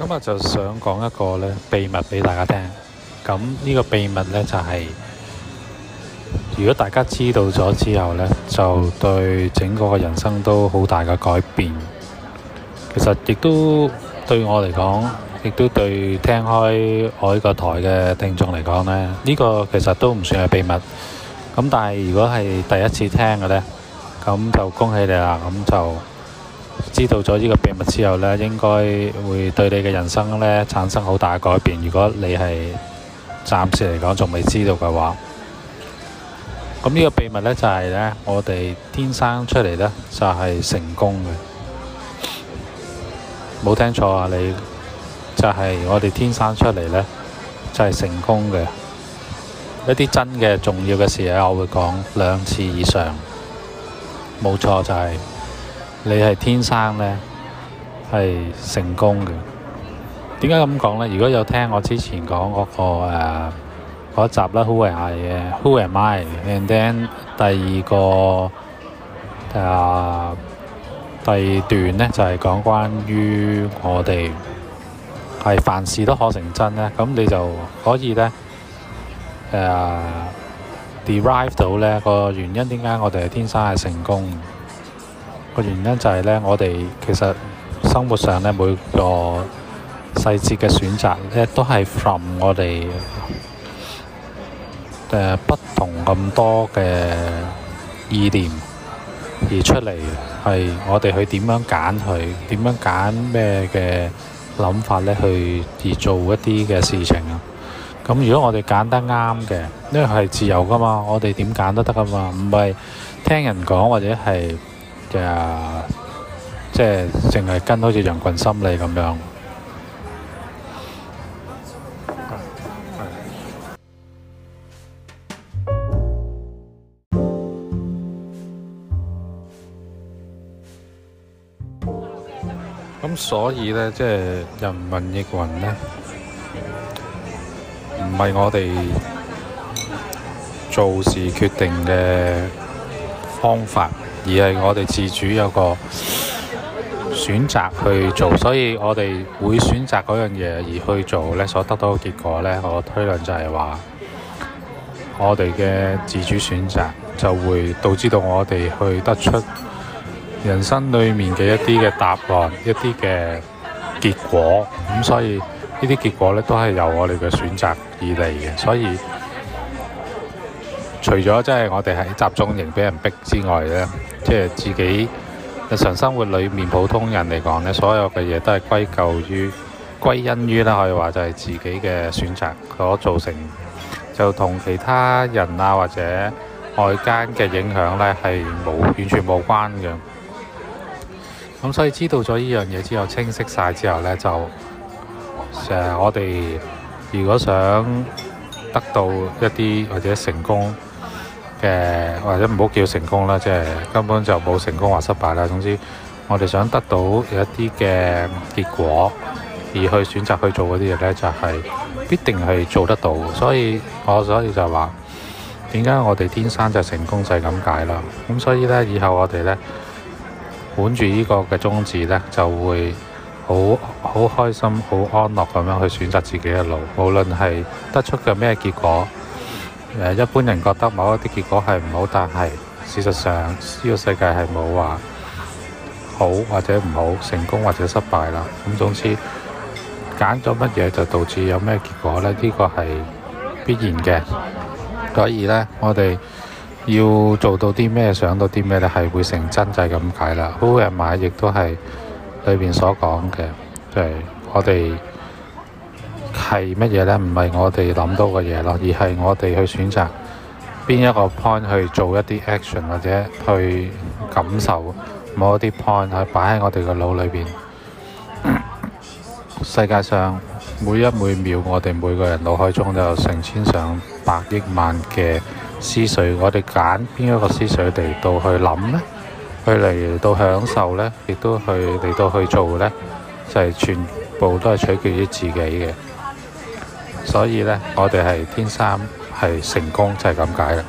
今日，就想講一個呢秘密俾大家聽。咁呢個秘密呢就係，如果大家知道咗之後呢，就對整個嘅人生都好大嘅改變。其實亦都對我嚟講，亦都對聽開我呢個台嘅聽眾嚟講呢，呢個其實都唔算係秘密。咁但係如果係第一次聽嘅呢，咁就恭喜你啦，咁就。知道咗呢個秘密之後呢，應該會對你嘅人生呢產生好大嘅改變。如果你係暫時嚟講仲未知道嘅話，咁呢個秘密呢，就係呢：我哋天生出嚟呢，就係成功嘅。冇聽錯啊，你就係我哋天生出嚟呢，就係成功嘅。一啲真嘅重要嘅事，我會講兩次以上。冇錯，就係、是。你係天生咧，係成功嘅。點解咁講咧？如果有聽我之前講嗰、那個誒嗰、uh, 集啦 Who am I 嘅？Who am I？And then 第二個誒、uh, 第二段咧，就係、是、講關於我哋係凡事都可成真咧。咁你就可以咧誒、uh, derive 到咧、那個原因點解我哋係天生係成功嘅。個原因就係咧，我哋其實生活上咧每個細節嘅選擇咧，都係 from 我哋誒不同咁多嘅意念而出嚟，係我哋去點樣揀佢，點樣揀咩嘅諗法咧去而做一啲嘅事情啊。咁如果我哋揀得啱嘅，因為係自由㗎嘛，我哋點揀都得㗎嘛，唔係聽人講或者係。嘅，即係淨係跟好似人羣心理咁樣。咁所以咧，即係人民逆運咧，唔係我哋做事決定嘅方法。而係我哋自主有個選擇去做，所以我哋會選擇嗰樣嘢而去做呢，所得到嘅結果呢，我推論就係話，我哋嘅自主選擇就會導致到我哋去得出人生裏面嘅一啲嘅答案、一啲嘅結果。咁所以呢啲結果呢，都係由我哋嘅選擇而嚟嘅，所以。除咗即係我哋喺集中營俾人逼之外咧，即係自己日常生活裏面普通人嚟講咧，所有嘅嘢都係歸咎於、歸因於啦，可以話就係自己嘅選擇所造成，就同其他人啊或者外間嘅影響咧係冇完全冇關嘅。咁所以知道咗呢樣嘢之後，清晰晒之後咧，就誒我哋如果想得到一啲或者成功，嘅或者唔好叫成功啦，即係根本就冇成功或失敗啦。總之，我哋想得到有一啲嘅結果，而去選擇去做嗰啲嘢咧，就係必定係做得到。所以，我所以就話，點解我哋天生就成功就係咁解啦？咁所以咧，以後我哋咧，本住呢個嘅宗旨咧，就會好好開心、好安樂咁樣去選擇自己嘅路，無論係得出嘅咩結果。一般人覺得某一啲結果係唔好，但係事實上呢個世界係冇話好或者唔好，成功或者失敗啦。咁總之揀咗乜嘢就導致有咩結果呢？呢個係必然嘅。所以呢，我哋要做到啲咩，想到啲咩咧，係會成真就係咁解啦。好多人買亦都係裏面所講嘅，就係我哋。係乜嘢咧？唔係我哋諗到嘅嘢咯，而係我哋去選擇邊一個 point 去做一啲 action，或者去感受某一啲 point 去擺喺我哋個腦裏邊。世界上每一每秒，我哋每個人腦海中都有成千上百億萬嘅思緒，我哋揀邊一個思緒嚟到去諗咧，去嚟到享受咧，亦都去嚟到去做咧，就係全部都係取決於自己嘅。所以咧，我哋係天生係成功就係咁解啦。